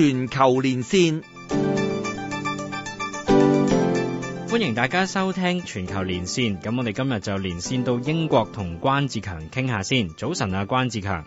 全球連線，歡迎大家收聽全球連線。咁我哋今日就連線到英國，同關志強傾下先。早晨啊，關志強。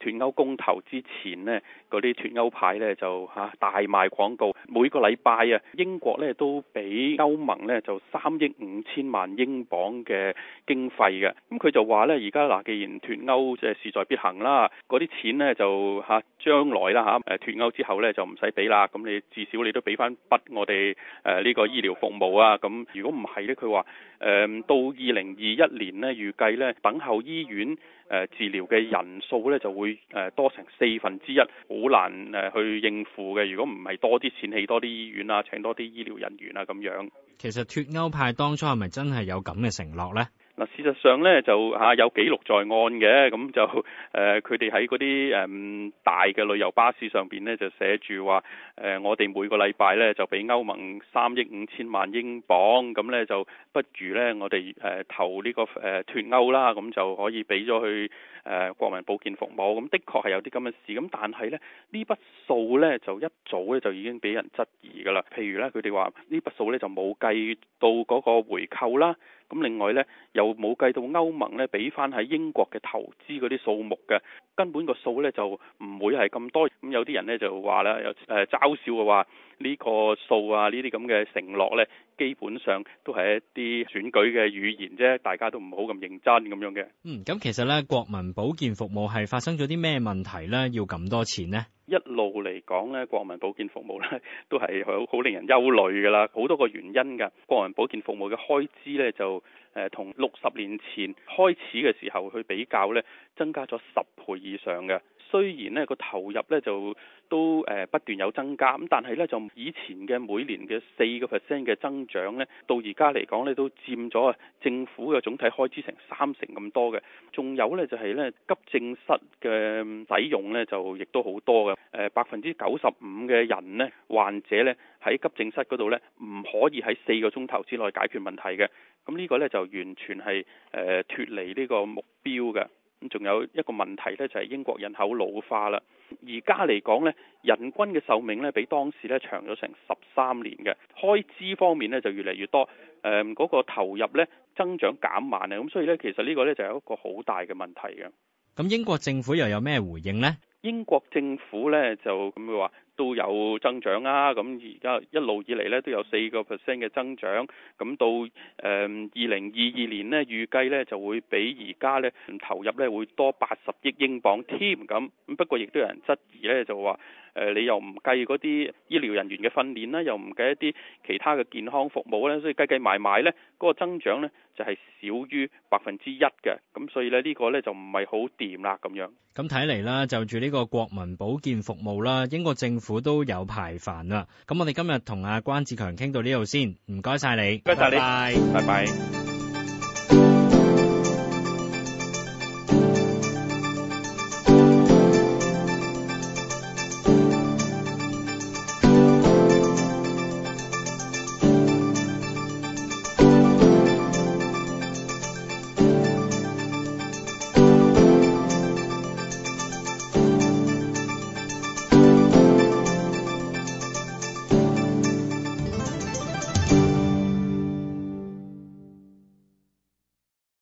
脫歐公投之前呢，嗰啲脫歐派呢就嚇大賣廣告，每個禮拜啊，英國咧都俾歐盟咧就三億五千萬英鎊嘅經費嘅，咁佢就話呢，而家嗱，既然脫歐即係事在必行啦，嗰啲錢呢就嚇、啊、將來啦、啊、吓，誒脫歐之後呢就唔使俾啦，咁你至少你都俾翻筆我哋誒呢個醫療服務啊，咁如果唔係呢，佢話誒到二零二一年呢，預計呢等候醫院。誒治療嘅人數咧就會誒多成四分之一，好難誒去應付嘅。如果唔係多啲錢起多啲醫院啊，請多啲醫療人員啊，咁樣。其實脫歐派當初係咪真係有咁嘅承諾咧？嗱，事實上呢，就嚇、啊、有記錄在案嘅，咁就誒佢哋喺嗰啲誒大嘅旅遊巴士上邊呢，就寫住話誒，我哋每個禮拜呢，就俾歐盟三億五千萬英鎊，咁呢，就不如呢，我哋誒、呃、投呢、這個誒脫、呃、歐啦，咁就可以俾咗去誒、呃、國民保健服務。咁的確係有啲咁嘅事，咁但係咧呢筆數呢，就一早咧就已經俾人質疑㗎啦。譬如呢，佢哋話呢筆數呢，就冇計到嗰個回扣啦。咁另外呢，又冇計到歐盟呢，俾翻喺英國嘅投資嗰啲數目嘅，根本個數呢，就唔會係咁多。咁有啲人呢，就話啦，有誒嘲笑嘅話呢個數啊，呢啲咁嘅承諾呢，基本上都係一啲選舉嘅語言啫，大家都唔好咁認真咁樣嘅。嗯，咁其實呢，國民保健服務係發生咗啲咩問題呢？要咁多錢呢？一路嚟講咧，國民保健服務咧都係好好令人憂慮㗎啦，好多個原因㗎。國民保健服務嘅開支咧就誒、呃、同六十年前開始嘅時候去比較咧，增加咗十倍以上嘅。雖然呢個投入呢就都誒不斷有增加，咁但係呢，就以前嘅每年嘅四個 percent 嘅增長呢，到而家嚟講呢，都佔咗政府嘅總體開支成三成咁多嘅。仲有呢，就係呢急症室嘅使用呢，就亦都好多嘅。誒百分之九十五嘅人呢，患者呢，喺急症室嗰度呢，唔可以喺四個鐘頭之內解決問題嘅。咁呢個呢，就完全係誒脫離呢個目標嘅。咁仲有一個問題咧，就係英國人口老化啦。而家嚟講咧，人均嘅壽命咧比當時咧長咗成十三年嘅，開支方面咧就越嚟越多。誒、呃、嗰、那個投入咧增長減慢啊，咁所以咧其實呢個咧就係一個好大嘅問題嘅。咁英國政府又有咩回應呢？英國政府咧就咁話都有增長啦、啊。咁而家一路以嚟咧都有四個 percent 嘅增長，咁到誒二零二二年咧預計咧就會比而家咧投入咧會多八十億英鎊添咁。不過亦都有人質疑咧就話誒、呃、你又唔計嗰啲醫療人員嘅訓練啦，又唔計一啲其他嘅健康服務咧，所以計計埋埋咧嗰個增長咧就係、是、少於百分之一嘅。咁所以咧呢個咧就唔係好掂啦咁樣。咁睇嚟啦，就住呢個國民保健服務啦，英國政府都有排煩啦。咁我哋今日同阿關志強傾到呢度先，唔該晒你，唔該曬你，拜拜。拜拜拜拜。